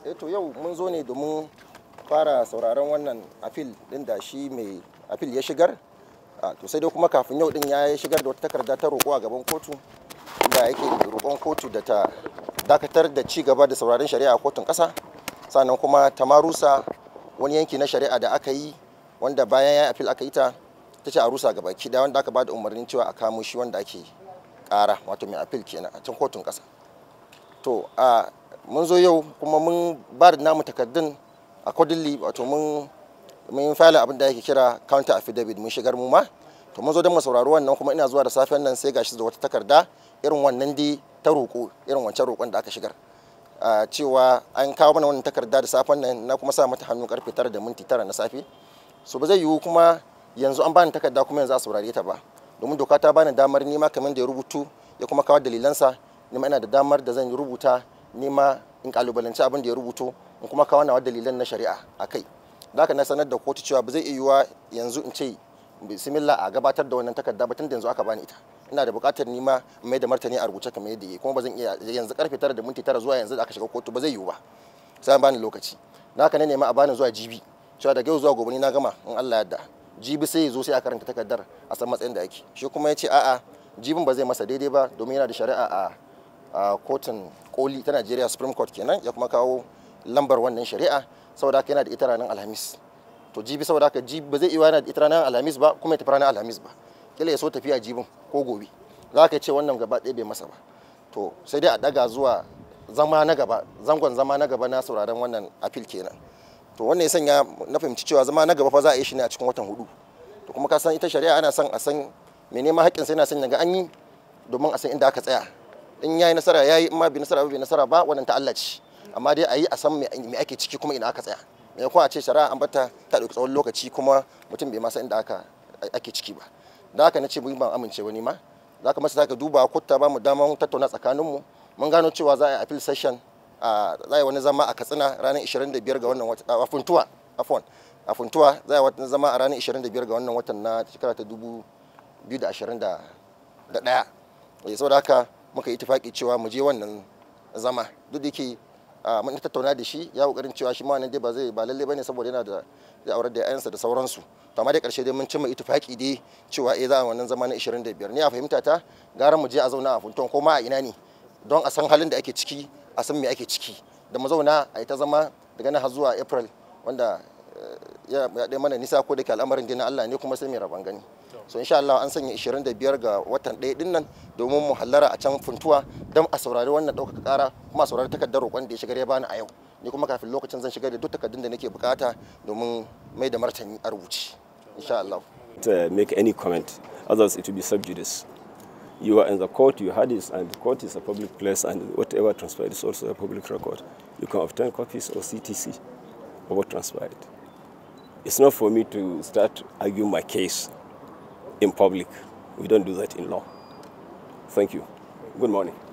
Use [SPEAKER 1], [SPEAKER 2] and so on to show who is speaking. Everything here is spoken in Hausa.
[SPEAKER 1] eto eh yau mun zo ne domin fara sauraron wannan afil din da shi mai afil ya shigar ah, to sai dai kuma kafin yau din ya shigar da wata takarda ta roƙo a gaban kotu da yake roƙon kotu da ta dakatar da ci gaba da sauraron shari'a a kotun ƙasa sannan kuma ta marusa wani yanki na shari'a da aka yi wanda bayan ya afil aka yi ta ta ce a rusa gaba ki da wanda aka ba da umarnin cewa a kamo shi wanda ake yi ƙara wato mai appeal kenan a can kotun ƙasa to a mun zo yau kuma mun ba da namu takardun a kodilli wato mun mun fayla abin da yake kira counter affidavit mun shigar mu ma to mun zo don mu wannan kuma ina zuwa da safiyan nan sai gashi da wata takarda irin wannan dai ta roƙo irin wancan roƙon da aka shigar cewa an kawo mana wannan takarda da safen nan na kuma sa mata hannu karfe 9 da minti 9 na safe so ba zai yiwu kuma yanzu an bani takarda kuma yanzu a saurare ta ba domin doka ta bani damar nima kamar da ya rubutu ya kuma kawo dalilansa nima ina da damar da zan rubuta nima in kalubalanci abin da ya rubuto in kuma kawo nawa dalilan na shari'a a kai da haka na sanar da kotu cewa ba zai iya yiwuwa yanzu in ce bismillah a gabatar da wannan takarda ba tun da yanzu aka bani ita ina da buƙatar nima mai da martani a rubuce kamar yadda ya kuma ba zan iya yanzu karfe tara da minti tara zuwa yanzu da aka shiga kotu ba zai yiwu ba sai an bani lokaci da haka na nema a bani zuwa jibi cewa daga yau zuwa gobe ni na gama in Allah ya yarda jibi sai ya zo sai a karanta takardar a san matsayin da ake shi kuma ya ce a'a jibin ba zai masa daidai ba domin yana da shari'a a kotun koli ta Najeriya Supreme Court kenan ya kuma kawo lambar wannan shari'a saboda haka yana da ita ranar Alhamis to jibi saboda haka jibi ba zai iya yana da ita ranar Alhamis ba kuma ya tafi ranar Alhamis ba kila ya so tafiya jibin ko gobe za ka ce wannan gaba ɗaya bai masa ba to sai dai a daga zuwa zama na gaba zangon zama na gaba na sauraron wannan apil kenan to wannan ya sanya na fahimci cewa zama na gaba fa za a yi shi ne a cikin watan hudu to kuma ka san ita shari'a ana son a san me neman haƙƙin sai yana son ga an yi domin a san inda aka tsaya in yayi nasara yayi in ma bi nasara ba bi nasara ba wannan ta Allah ce amma dai a yi a san me ake ciki kuma ina aka tsaya me kuma a ce shari'a an bata ta dauki tsawon lokaci kuma mutum bai ma san inda aka ake ciki ba da haka na ce mun ban amince wani ma za ka masa za ka duba ko ta ba mu damar tattauna tsakaninmu mun gano cewa za a yi appeal session za a wani zama a katsina ranar 25 ga wannan wata a funtuwa afon a funtuwa za a wani zama a ranar 25 ga wannan watan na shekara ta 2021 eh, saboda haka muka yi tufaki cewa mu je wannan zama duk da yake mun tattauna da shi ya kokarin cewa shi ma nan dai ba zai ba lalle bane saboda yana da zai aurar da ayansa da sauransu to amma dai karshe dai mun cimma itifaki dai cewa eh za a wannan zama na 25 ni a fahimta ta gara mu je a zauna a funton ko ma a ina ne don a san halin da ake ciki a san me ake ciki da mu zauna a ita zama daga nan har zuwa april wanda eh, ya ɗaya mana nisa ko da ke al'amarin dinin allah ne kuma sai mai rabon gani so insha Allah an sanya 25 ga watan ɗaya din nan domin mu hallara a can funtuwa don a saurari wannan ɗaukaka ƙara kuma a saurari takardar roƙon da ya shigar ya bani a yau ni kuma kafin lokacin zan shigar da duk takardun da nake bukata domin mai da martani a rubuce insha Allah
[SPEAKER 2] to uh, make any comment others it will be subjudice you are in the court, you had it, and the court is a public place, and whatever transpired is also a public record. You can obtain copies of CTC of what transpired. It's not for me to start arguing my case in public. We don't do that in law. Thank you. Good morning.